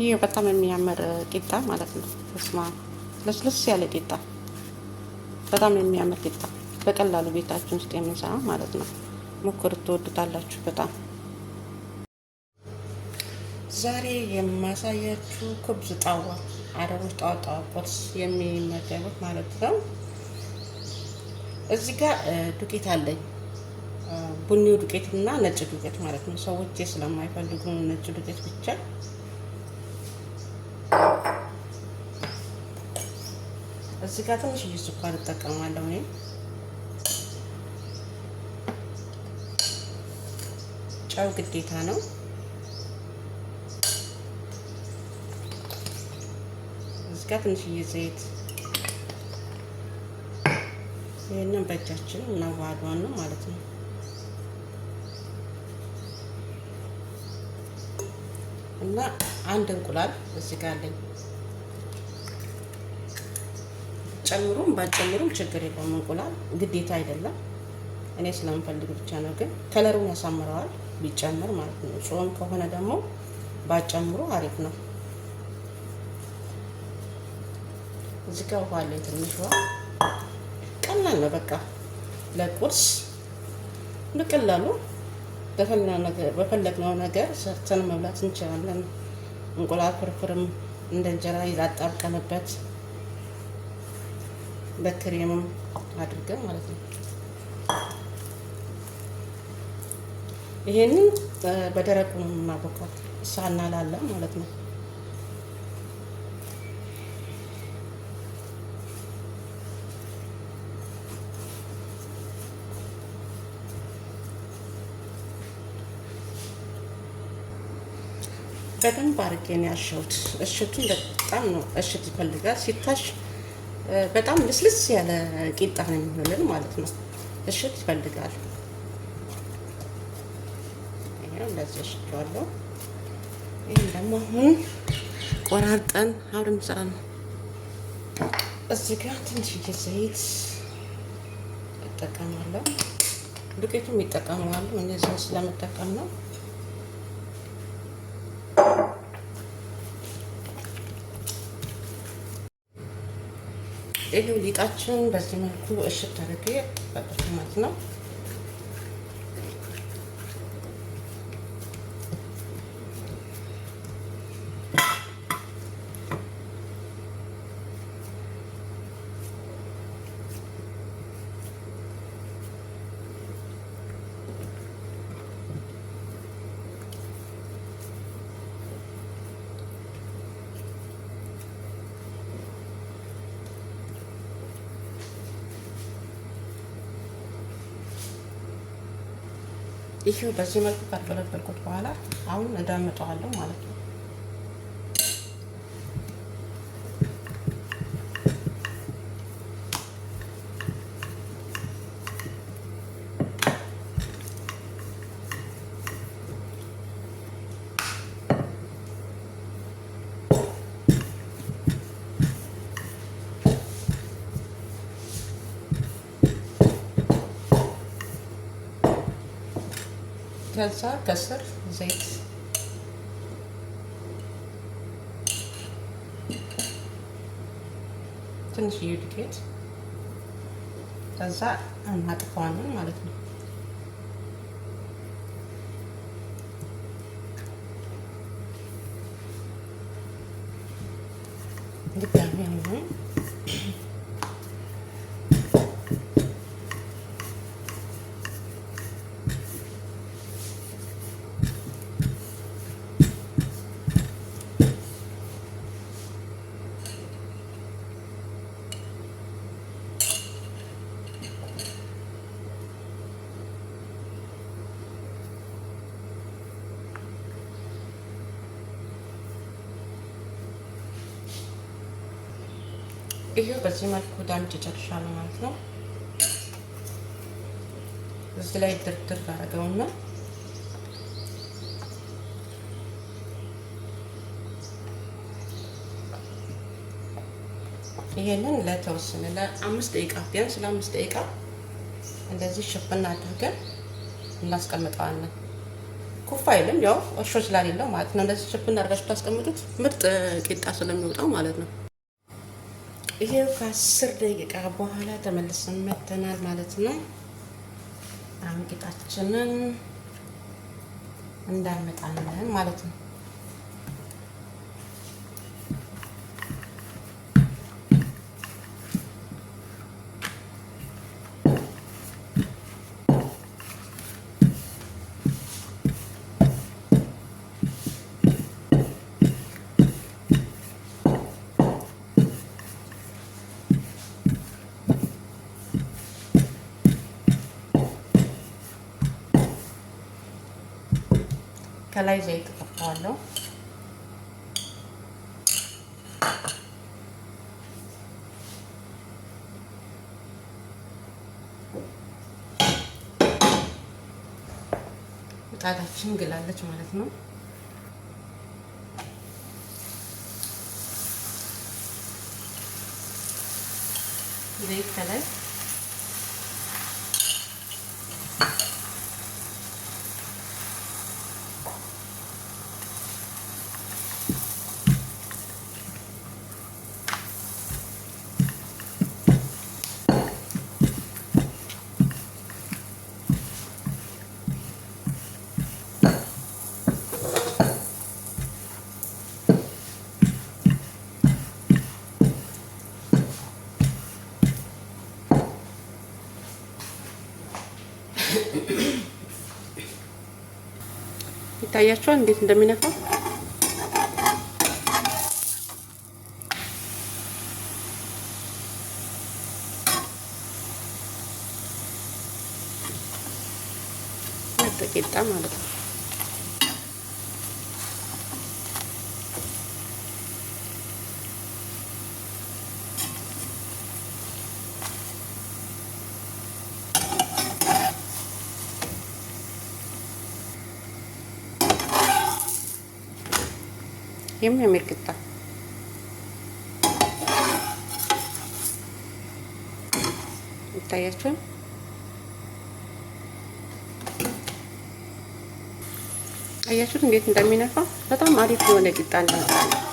ይህ በጣም የሚያምር ቂጣ ማለት ነው። ስማ ለስለስ ያለ ቂጣ፣ በጣም የሚያምር ቂጣ በቀላሉ ቤታችን ውስጥ የምንሰራ ማለት ነው። ሙከር ትወዱታላችሁ በጣም። ዛሬ የማሳያችሁ ክብዝ ጣዋ አረቦች ጣዋ ቁርስ የሚመገቡት ማለት ነው። እዚህ ጋር ዱቄት አለኝ ቡኒው ዱቄት እና ነጭ ዱቄት ማለት ነው። ሰዎች ስለማይፈልጉ ነጭ ዱቄት ብቻ እዚህ ጋር ትንሽዬ ስኳር እጠቀማለሁ እኔ ጨው ግዴታ ነው። እዚህ ጋር ትንሽዬ ዘይት ይህንን በእጃችን እናዋህዷን ነው ማለት ነው። እና አንድ እንቁላል እዚህ ጋር አለኝ። ጨምሩም ባጨምሩም ችግር የለውም። እንቁላል ግዴታ አይደለም። እኔ ስለምፈልግ ብቻ ነው። ግን ከለሩን ያሳምረዋል ቢጨምር ማለት ነው። ጾም ከሆነ ደግሞ ባጨምሩ አሪፍ ነው። እዚህ ጋር ውሃ አለኝ። ትንሽ ውሃ ቀላል ነው። በቃ ለቁርስ በቀላሉ በፈለግነው ነገር ሰርተን መብላት እንችላለን። እንቁላል ፍርፍርም እንደ እንጀራ ይዛጣርቀንበት በክሬምም አድርገን ማለት ነው። ይሄንን በደረቁ እናቦካት ሳናላለን ማለት ነው። በደንብ አድርጌ ነው ያሸሁት። እሽቱን በጣም ነው እሽት ይፈልጋል ሲታሽ በጣም ልስልስ ያለ ቂጣ ነው የሚሆንልን ማለት ነው። እሽት ይፈልጋል። እንደዚህ እሽቸዋለሁ። ይህም ደግሞ አሁን ቆራርጠን አብረን እንሰራ ነው። እዚህ ጋር ትንሽዬ ዘይት እጠቀማለሁ። ዱቄቱም እኔ ስለምጠቀም ነው ይሄው ሊጣችን በዚህ መልኩ እሽት አድርጌ ማለት ነው። ይሄው በዚህ መልኩ ካጥለበልኩት በኋላ አሁን እንዳመጣዋለሁ ማለት ነው። ከዛ ከስር ዘይት ትንሽዬ ዱቄት ከዛ እናጥፈዋለን ማለት ነው። ይሄው በዚህ መልኩ ዳምጭ ጨርሻለሁ ማለት ነው። እዚህ ላይ ድርድር አደረገውና ይሄንን ለተወሰነ ለአምስት ደቂቃ ቢያንስ ለአምስት ደቂቃ እንደዚህ ሽፍና አድርገን እናስቀምጠዋለን። ኩፍ አይልም፣ ያው እርሾ ስለሌለው ማለት ነው። እንደዚህ ሽፍና አድርጋችሁ ታስቀምጡት ምርጥ ቂጣ ስለሚወጣው ማለት ነው። ይሄው ከአስር ደቂቃ በኋላ ተመልሰን መተናል ማለት ነው። አንቂጣችንን እንዳመጣለን ማለት ነው። ከላይ ዘይት ቀባዋለሁ። ምጣዳችን ግላለች ማለት ነው። ዘይት ከላይ ይታያቸዋል እንዴት እንደሚነፋው ጥቂጣ ማለት ነው። ਜਿਵੇਂ ਮੈਂ ਕੀਤਾ ይታያችሁ አያችሁት እንዴት እንደሚነፋ በጣም አሪፍ የሆነ ቂጣ እናወጣለን።